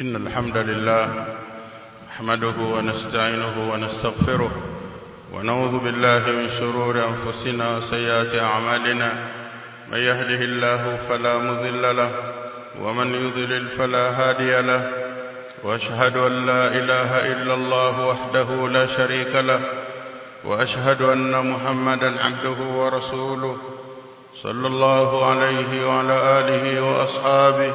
إن الحمد لله نحمده ونستعينه ونستغفره ونعوذ بالله من شرور أنفسنا وسيئات أعمالنا من يهده الله فلا مضل له ومن يضلل فلا هادي له وأشهد أن لا إله إلا الله وحده لا شريك له وأشهد أن محمدا عبده ورسوله صلى الله عليه وعلى آله وأصحابه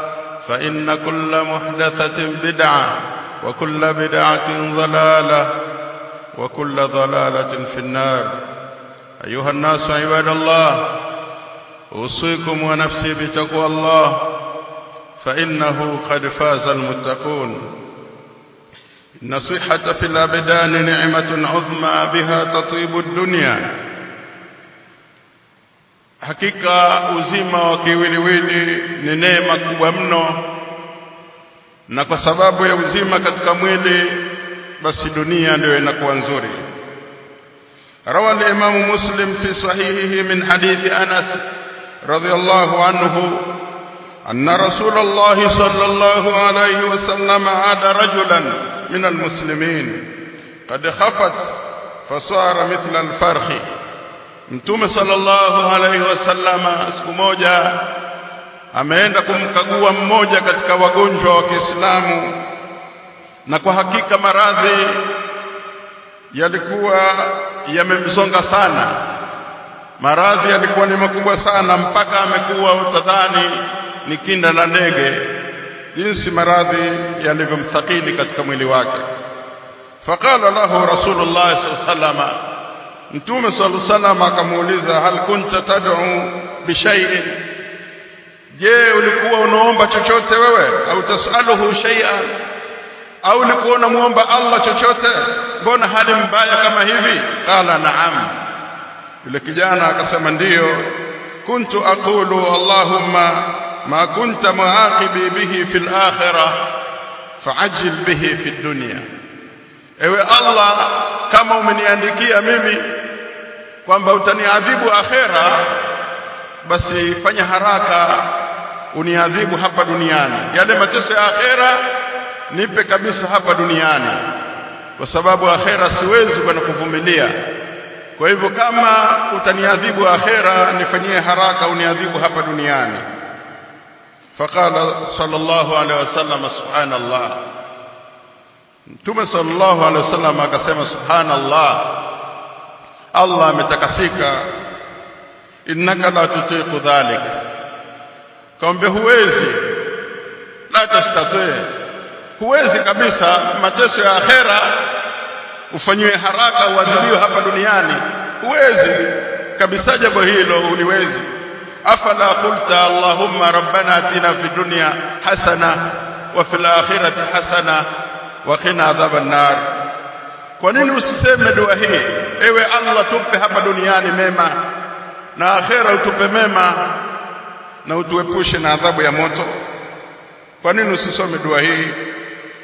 فإن كل محدثة بدعة وكل بدعة ضلالة وكل ضلالة في النار أيها الناس عباد الله أوصيكم ونفسي بتقوى الله فإنه قد فاز المتقون النصيحة في الأبدان نعمة عظمى بها تطيب الدنيا Hakika uzima wa kiwiliwili ni neema kubwa mno, na kwa sababu ya uzima katika mwili, basi dunia ndio inakuwa nzuri. Rawa al-Imamu Muslim fi sahihihi min hadithi Anas radhiyallahu anhu anna Rasulullah sallallahu alayhi wasallam ada rajulan min almuslimin qad khafat fasara mithla alfarhi Mtume sallallahu alaihi wasallama siku moja ameenda kumkagua mmoja katika wagonjwa wa Kiislamu, na kwa hakika maradhi yalikuwa yamemsonga sana. Maradhi yalikuwa ni makubwa sana, mpaka amekuwa utadhani ni kinda la ndege, jinsi maradhi yalivyomthakili katika mwili wake. Faqala lahu Rasulullah sallallahu alaihi wasallama mtume sallallahu alaihi wasallam akamuuliza hal kunta tad'u bishay'in je ulikuwa unaomba chochote wewe au tasaluhu shay'an au ulikuwa unamuomba Allah chochote mbona hali mbaya kama hivi qala na'am yule kijana akasema ndiyo kuntu aqulu allahumma ma kunta muaqibi bihi fil akhirah fa'ajil bihi fid dunya ewe Allah kama umeniandikia mimi kwamba utaniadhibu akhera, basi fanya haraka uniadhibu hapa duniani. Yale mateso ya akhera nipe kabisa hapa duniani, kwa sababu akhera siwezi kwenda kuvumilia. Kwa hivyo kama utaniadhibu akhera, nifanyie haraka uniadhibu hapa duniani. Faqala sallallahu alaihi wasallam, subhanallah. Mtume sallallahu alaihi wasallam akasema subhanallah Allah ametakasika innaka la tutiqu dhalik kaombe huwezi la tastatee huwezi kabisa mateso ya akhera ufanyiwe haraka uadhibiwe hapa duniani huwezi kabisa jambo hilo uliwezi afala qulta allahumma rabbana atina fi dunya hasana wa fil akhirati hasana wa qina adhaban nar Kwa nini usiseme dua hii? Ewe Allah, tupe hapa duniani mema na akhera utupe mema na utuepushe na adhabu ya moto. Kwa nini usisome dua hii?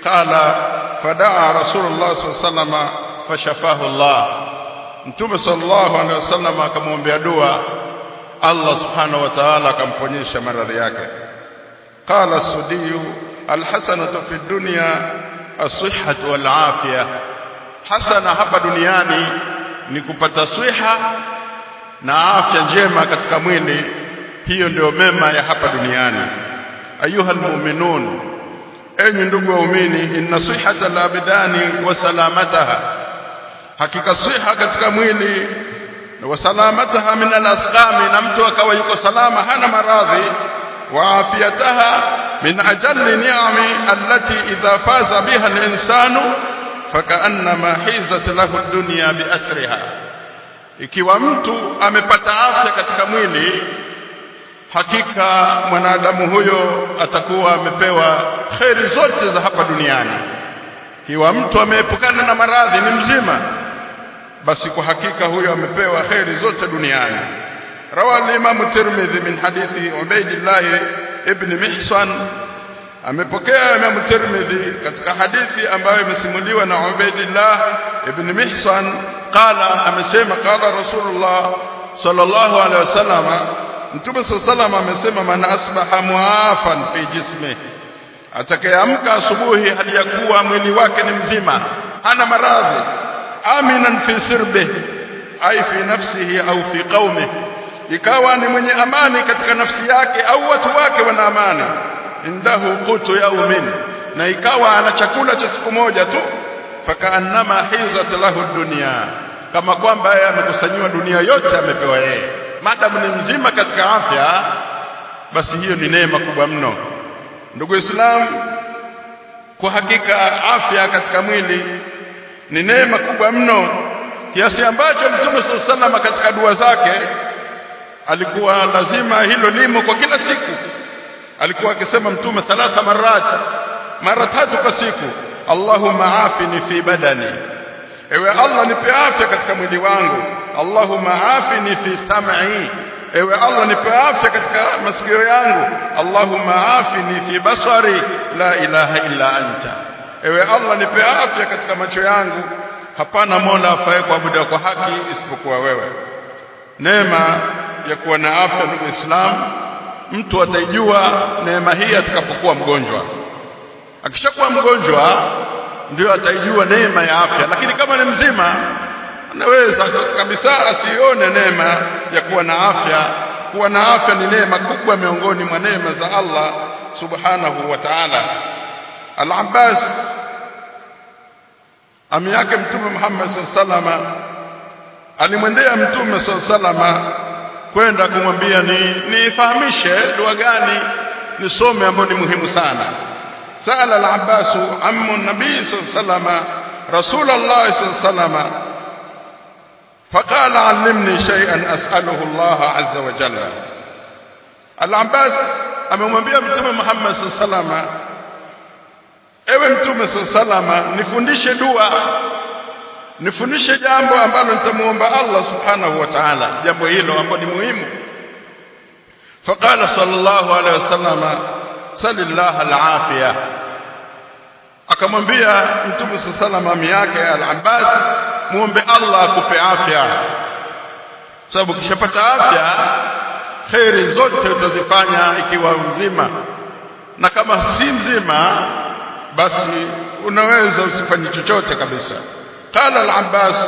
Qala fadaa Rasulullah sallallahu alaihi fashafahu Allah, Mtume sallallahu alaihi wasallam akamwombea dua Allah subhanahu wa ta'ala akamponyesha maradhi yake. Qala Sudiyu alhasanatu fi dunya الصحة والعافية hasana hapa duniani ni kupata swiha na afya njema katika mwili. Hiyo ndio mema ya hapa duniani. Ayuha almu'minun, enyi ndugu waumini, inna sihata labidani wa salamataha, hakika swiha katika mwili na salamataha min alasqami, na mtu akawa yuko salama hana maradhi, wa afiyataha min ajalli ni'ami allati idha faza biha alinsanu fakaannama hizat lahu dunya biasriha, ikiwa mtu amepata afya katika mwili, hakika mwanadamu huyo atakuwa amepewa kheri zote za hapa duniani. Ikiwa mtu ameepukana na maradhi, ni mzima, basi kwa hakika huyo amepewa kheri zote duniani. Rawa al-Imam Tirmidhi min hadithi Ubaidillah ibn Mihsan amepokea Imam Tirmidhi katika hadithi ambayo imesimuliwa na Ubaidillah ibn Mihsan qala amesema qala Rasulullah sallallahu alaihi wasallam Mtume sallallahu alaihi amesema man asbaha muafan fi jismihi atakayeamka asubuhi hali ya kuwa mwili wake ni mzima hana maradhi aminan fi sirbihi ai fi nafsihi au fi qaumihi ikawa ni mwenye amani katika nafsi yake au watu wake wana amani indahu qutu yaumin, na ikawa ana chakula cha siku moja tu. Fakaannama hizat lahu dunia, kama kwamba yeye amekusanyiwa dunia yote amepewa yeye. Madamu ni mzima katika afya, basi hiyo ni neema kubwa mno. Ndugu Islam, kwa hakika afya katika mwili ni neema kubwa mno kiasi ambacho Mtume sala salama katika dua zake alikuwa lazima hilo limo kwa kila siku alikuwa akisema mtume thalatha marat mara tatu kwa siku allahumma afini fi badani ewe allah nipe afya katika mwili wangu allahumma afini fi sam'i ewe allah nipe afya katika masikio yangu allahumma afini fi basari la ilaha illa anta ewe allah nipe afya katika macho yangu hapana mola afaye kuabudiwa kwa haki isipokuwa wewe neema ya kuwa na afya ndugu islamu mtu ataijua neema hii atakapokuwa mgonjwa. Akishakuwa mgonjwa ndio ataijua neema ya afya, lakini kama ni mzima anaweza kabisa asione neema ya kuwa na afya. Kuwa na afya ni neema kubwa miongoni mwa neema za Allah subhanahu wa ta'ala. Al-Abbas ami yake Mtume Muhammad sallallahu alaihi wasallam alimwendea Mtume sallallahu alaihi wasallam kwenda kumwambia ni nifahamishe dua gani nisome ambayo ni muhimu sana sala al-Abbas ammu nabi sallama alayhi رسول الله صلى الله عليه وسلم فقال علمني شيئا أسأله الله عز وجل العباس amemwambia mtume muhammed sallama ewe mtume sallama nifundishe dua nifunishe jambo ambalo nitamwomba Allah subhanahu wa ta'ala jambo hilo ambalo ni muhimu faqala sallallahu alayhi wasallam salillah alafiya akamwambia mtume sallallahu alayhi yake al-Abbas muombe Allah akupe afya sababu ukishapata afya khairi zote utazifanya ikiwa mzima na kama si mzima basi unaweza usifanye chochote kabisa قال العباس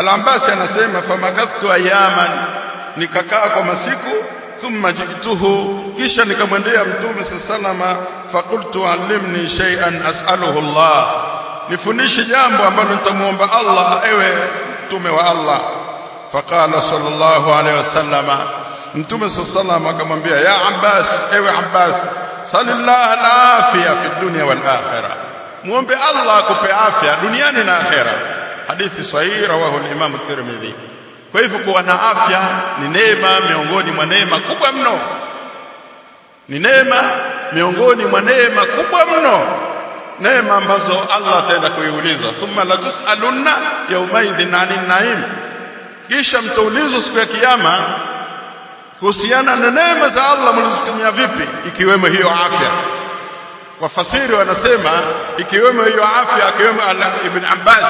العباس ينسيما فمكثت أياما نكاكاكو مسيكو ثم جئته كيشا نكمانديا متومس السلام فقلت علمني شيئا أسأله الله نفنيش جامبو أمبال انتموم الله ايوه تومي الله فقال صلى الله عليه وسلم متومس السلام كمانبيا يا عباس ايوه عباس صلى الله العافية في الدنيا والآخرة muombe Allah akupe afya duniani na akhera. Hadithi sahihi rawahu al-Imam Tirmidhi. Kwa hivyo kuwa na afya ni neema miongoni mwa neema kubwa mno, ni neema miongoni mwa neema kubwa mno, neema ambazo Allah ataenda kuiuliza, thumma tusalunna yaumaidhin anin naim, kisha mtaulizwa siku ya Kiyama kuhusiana na neema za Allah mlizotumia vipi, ikiwemo hiyo afya. Wafasiri wanasema ikiwemo hiyo afya, akiwemo Ibn Abbas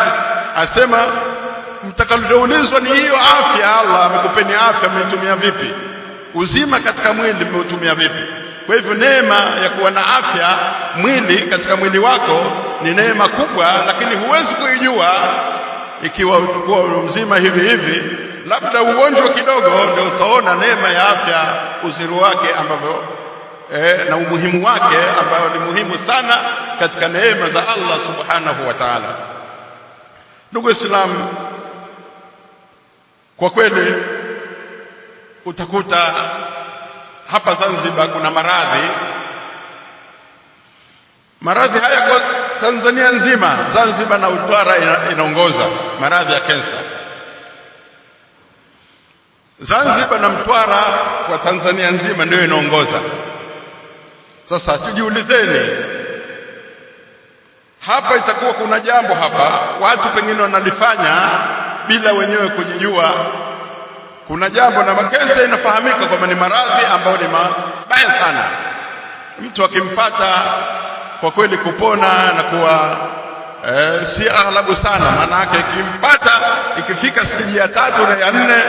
asema mtakaloulizwa ni hiyo afya. Allah amekupeni afya, mmetumia vipi? Uzima katika mwili mmeutumia vipi? Kwa hivyo neema ya kuwa na afya mwili katika mwili wako ni neema kubwa, lakini huwezi kuijua ikiwa utakuwa mzima hivi hivi, labda ugonjwa kidogo ndio utaona neema ya afya uziru wake ambavyo eh, na umuhimu wake ambao ni muhimu sana katika neema za Allah subhanahu wa ta'ala. Ndugu Islam, kwa kweli utakuta hapa Zanzibar kuna maradhi. Maradhi haya kwa Tanzania nzima, Zanzibar na Utwara inaongoza maradhi ya kensa. Zanzibar na Mtwara kwa Tanzania nzima ndio inaongoza. Sasa tujiulizeni hapa, itakuwa kuna jambo hapa watu pengine wanalifanya bila wenyewe kujijua. Kuna jambo na makensa, inafahamika kwamba ni maradhi ambayo ni mabaya sana, mtu akimpata kwa kweli kupona na kuwa eh, si aghlabu sana. Maana yake ikimpata ikifika sijiji ya tatu na ya nne,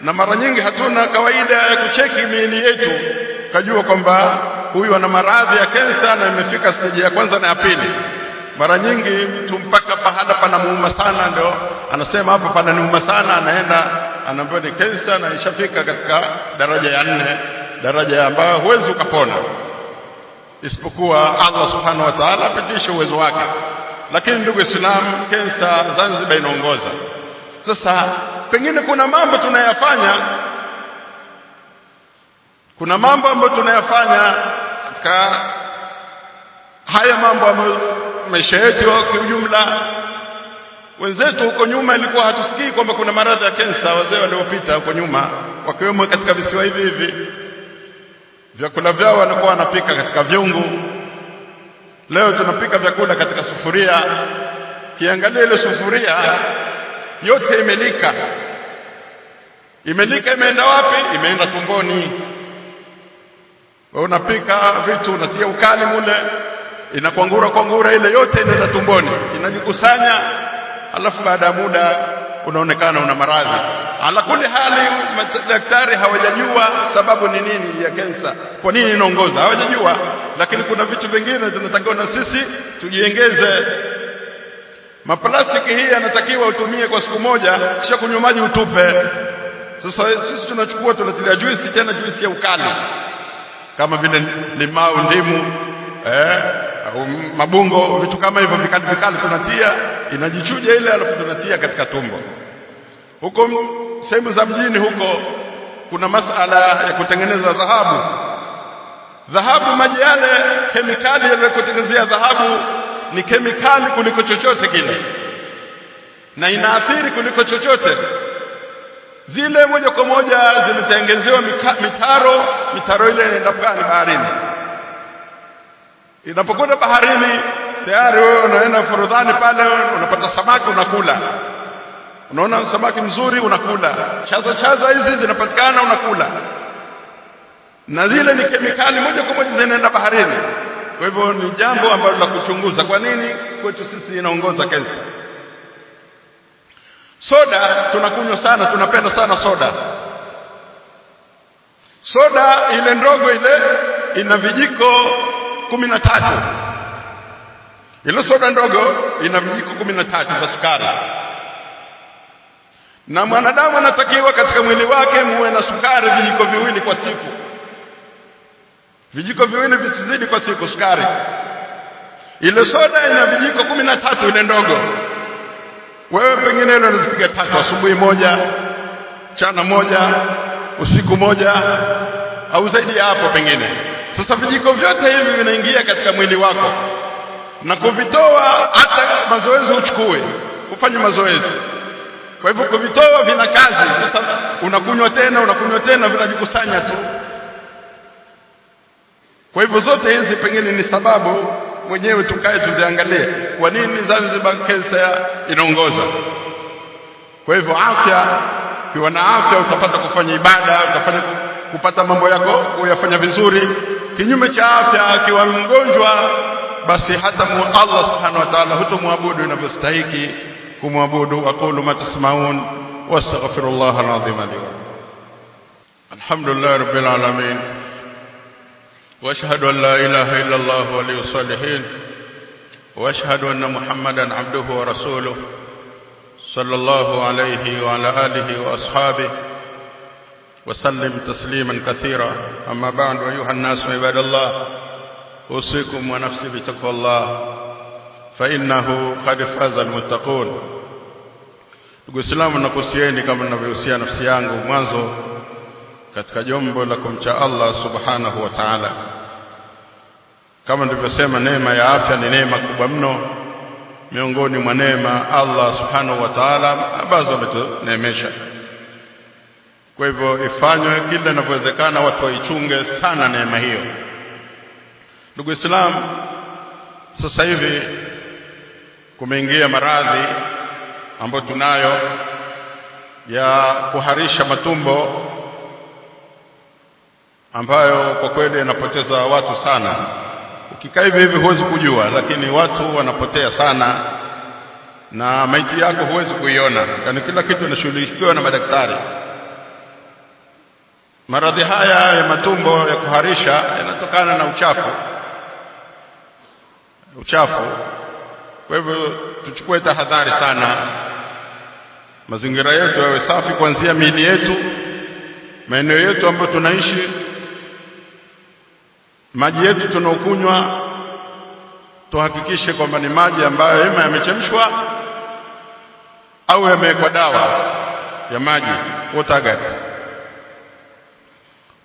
na mara nyingi hatuna kawaida ya kucheki miili yetu kajua kwamba huyu ana maradhi ya kensa na imefika steji ya kwanza na ya pili. Mara nyingi mtu mpaka pahala panamuuma sana, ndio anasema hapa pananiuma sana, anaenda anaambiwa ni kensa na ishafika katika daraja ya nne, daraja ambayo huwezi ukapona isipokuwa Allah subhanahu wa ta'ala apitishe uwezo wake. Lakini ndugu Islam, kensa Zanzibar inaongoza. Sasa pengine kuna mambo tunayafanya kuna mambo ambayo tunayafanya katika haya mambo ambayo maisha yetu kiujumla. Wenzetu huko nyuma ilikuwa hatusikii kwamba kuna maradhi ya kensa, wazee waliopita huko nyuma, wakiwemo katika visiwa hivi hivi, vyakula vyao walikuwa wanapika katika vyungu. Leo tunapika vyakula katika sufuria, kiangalia ile sufuria yote imelika. Imelika imeenda wapi? Imeenda tumboni wewe unapika vitu unatia ukali mule inakwangura kwangura ile yote inaenda tumboni inajikusanya alafu baada ya muda unaonekana una maradhi ala kuli hali daktari hawajajua sababu ni nini ya kensa kwa nini inaongoza hawajajua lakini kuna vitu vingine tunatakiwa na sisi tujiengeze maplastiki hii anatakiwa utumie kwa siku moja kisha kunywa maji utupe sasa sisi tunachukua tunatilia juisi tena juisi ya ukali kama vile limau, ndimu eh, au mabungo, vitu kama hivyo vikali vikali, tunatia inajichuja ile, alafu tunatia katika tumbo. Huko sehemu za mjini huko kuna masala ya kutengeneza dhahabu. Dhahabu, maji yale, kemikali yanayokutengenezea dhahabu ni kemikali kuliko chochote kile, na inaathiri kuliko chochote zile moja kwa moja zimetengenezewa mitaro. Mitaro ile inaenda gani? Baharini. Inapokwenda baharini, tayari wewe unaenda forodhani pale, unapata samaki unakula, unaona samaki mzuri unakula, chaza chaza hizi zinapatikana unakula, na zile ni kemikali moja kwa moja zinaenda baharini. Kwa hivyo ni jambo ambalo la kuchunguza, kwa nini kwetu sisi inaongoza kesi Soda tunakunywa sana, tunapenda sana soda. Soda ile ndogo ile ina vijiko kumi na tatu. Ile soda ndogo ina vijiko kumi na tatu vya sukari, na mwanadamu anatakiwa katika mwili wake muwe na sukari vijiko viwili kwa siku, vijiko viwili visizidi kwa siku sukari. Ile soda ina vijiko kumi na tatu ile ndogo wewe pengine leo unazipiga tatu, asubuhi moja, chana moja, usiku moja, au zaidi ya hapo pengine. Sasa vijiko vyote hivi vinaingia katika mwili wako na kuvitoa, hata mazoezi uchukue, ufanye mazoezi. Kwa hivyo kuvitoa vina kazi. Sasa unakunywa tena, unakunywa tena, vinajikusanya tu. Kwa hivyo zote hizi pengine ni sababu, mwenyewe tukae tuziangalie kwa nini Zanzibar kansa inaongoza? Kwa hivyo afya, ukiwa na afya utapata kufanya ibada, utafanya kupata mambo yako kuyafanya vizuri. Kinyume cha afya, akiwa mgonjwa, basi hata Allah subhanahu wa ta'ala hutomwabudu inavyostahiki kumwabudu. aqulu ma tasmaun wastaghfirullah alazim li alhamdulillah rabbil alamin wa ashhadu an la ilaha illa Allah wa alihi salihin واشهد ان محمدا عبده ورسوله صلى الله عليه وعلى اله واصحابه وسلم تسليما كثيرا اما بعد ايها الناس عباد الله اوصيكم ونفسي بتقوى الله فانه قد فاز المتقون Uislamu nakuhusieni kama ninavyohusia nafsi yangu mwanzo katika jambo la kumcha Allah subhanahu wa ta'ala Kama nilivyosema, neema ya afya ni neema kubwa mno miongoni mwa neema Allah subhanahu wa ta'ala ambazo ametuneemesha. Kwa hivyo ifanywe kila inavyowezekana, watu waichunge sana neema hiyo. Ndugu islam sasa hivi kumeingia maradhi ambayo tunayo ya kuharisha matumbo ambayo kwa kweli yanapoteza watu sana. Akikaa hivi hivi huwezi kujua, lakini watu wanapotea sana, na maiti yako huwezi kuiona. Yani kila kitu inashughulikiwa na madaktari. Maradhi haya ya matumbo ya kuharisha yanatokana na uchafu, uchafu. Kwa hivyo tuchukue tahadhari sana, mazingira yetu yawe safi, kuanzia miili yetu, maeneo yetu ambayo tunaishi Maji yetu tunaokunywa tuhakikishe kwamba ni maji ambayo ima yamechemshwa au yamewekwa dawa ya maji water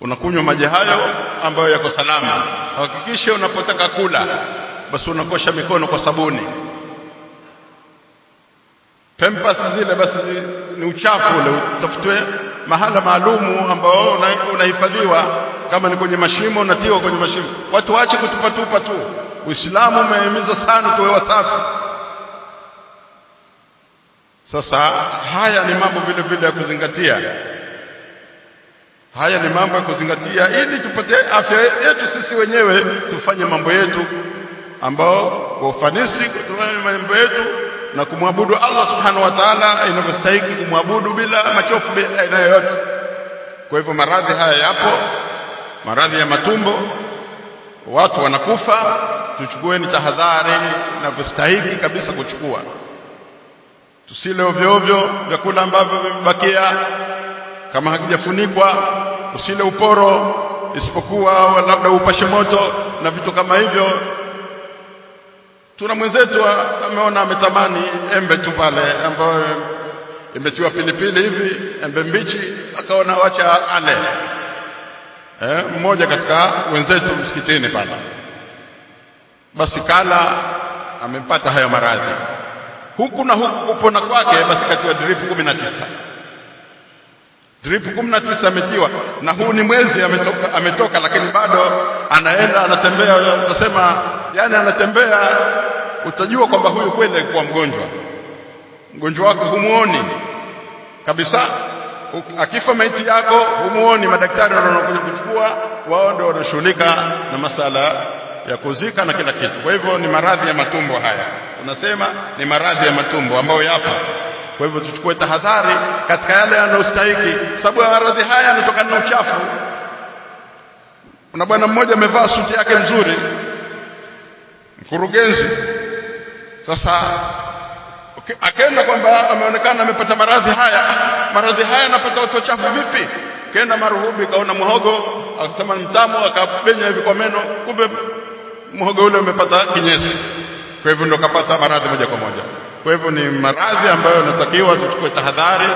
Unakunywa maji hayo ambayo yako salama. Hakikishe unapotaka kula, basi unakosha mikono kwa sabuni. Pempas zile basi ni uchafu ule, utafutwe mahala maalumu ambao unahifadhiwa kama ni kwenye mashimo natiwa kwenye mashimo. Watu waache kutupatupa tu. Uislamu umehimiza sana tuwe wasafi. Sasa haya ni mambo vile vile ya kuzingatia, haya ni mambo ya kuzingatia ili tupate afya yetu sisi wenyewe, tufanye mambo yetu ambao kwa ufanisi, kutufanya mambo yetu na kumwabudu Allah subhanahu wa ta'ala inavyostahiki kumwabudu bila machofu aina yoyote. Kwa hivyo maradhi haya yapo maradhi ya matumbo, watu wanakufa. Tuchukueni tahadhari inavyostahili kabisa kuchukua, tusile ovyo ovyo vyakula ambavyo vimebakia kama hakijafunikwa, usile uporo isipokuwa labda upashe moto na vitu kama hivyo. Tuna mwenzetu ameona ametamani embe tu pale ambayo imetiwa pilipili hivi, embe mbichi, akaona wacha ale eh, mmoja katika wenzetu msikitini pale, basi kala amepata hayo maradhi huku na huku, kupona kwake basi katiwa dripu kumi na tisa dripu kumi na tisa ametiwa, na huu ni mwezi ametoka, ametoka lakini bado anaenda anatembea, utasema yani anatembea, utajua kwamba huyu kweli alikuwa mgonjwa. Mgonjwa wake humuoni kabisa akifa maiti yako humuoni, madaktari ndio wanakuja kuchukua, wao ndio wanashughulika na masala ya kuzika na kila kitu. Kwa hivyo ni maradhi ya matumbo haya, unasema ni maradhi ya matumbo ambayo yapo. Kwa hivyo tuchukue tahadhari katika yale yanayostahiki, sababu ya maradhi haya yanatokana na uchafu. Kuna bwana mmoja amevaa suti yake nzuri, mkurugenzi. Sasa akaenda kwamba ameonekana amepata maradhi haya maradhi haya anapata watu wachafu vipi kenda maruhubi kaona muhogo akasema mtamo mtamu akapenya hivi kwa meno kumbe muhogo ule umepata kinyesi kwa hivyo ndo kapata maradhi moja kwa moja kwa hivyo ni maradhi ambayo natakiwa tuchukue tahadhari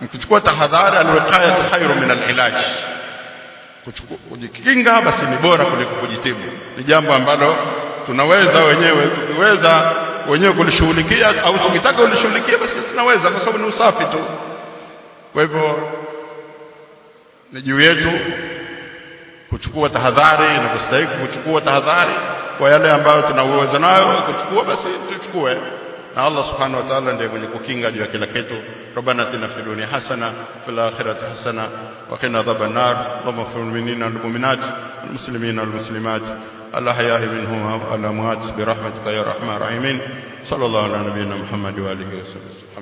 mkichukua tahadhari alwiqayatu khairu min alilaji kujikinga basi ni bora kuliko kujitibu ni jambo ambalo tunaweza wenyewe tukiweza wenyewe kulishughulikia au tukitaka ulishughulikia basi tunaweza, kwa sababu ni usafi tu. Kwa hivyo ni juu yetu kuchukua tahadhari na kustahiki kuchukua tahadhari kwa yale ambayo tunaweza nayo kuchukua, basi tuchukue, na Allah subhanahu wa ta'ala ndiye mwenye kukinga juu ya kila kitu. Rabbana atina fid dunya hasana fil akhirati hasana wa qina adhaban nar. Allahumma ighfir lil mu'minina wal mu'minat wal muslimina wal muslimat الأحياء منهما والأموات برحمتك يا أرحم الراحمين صلى الله على نبينا محمد وآله وسلم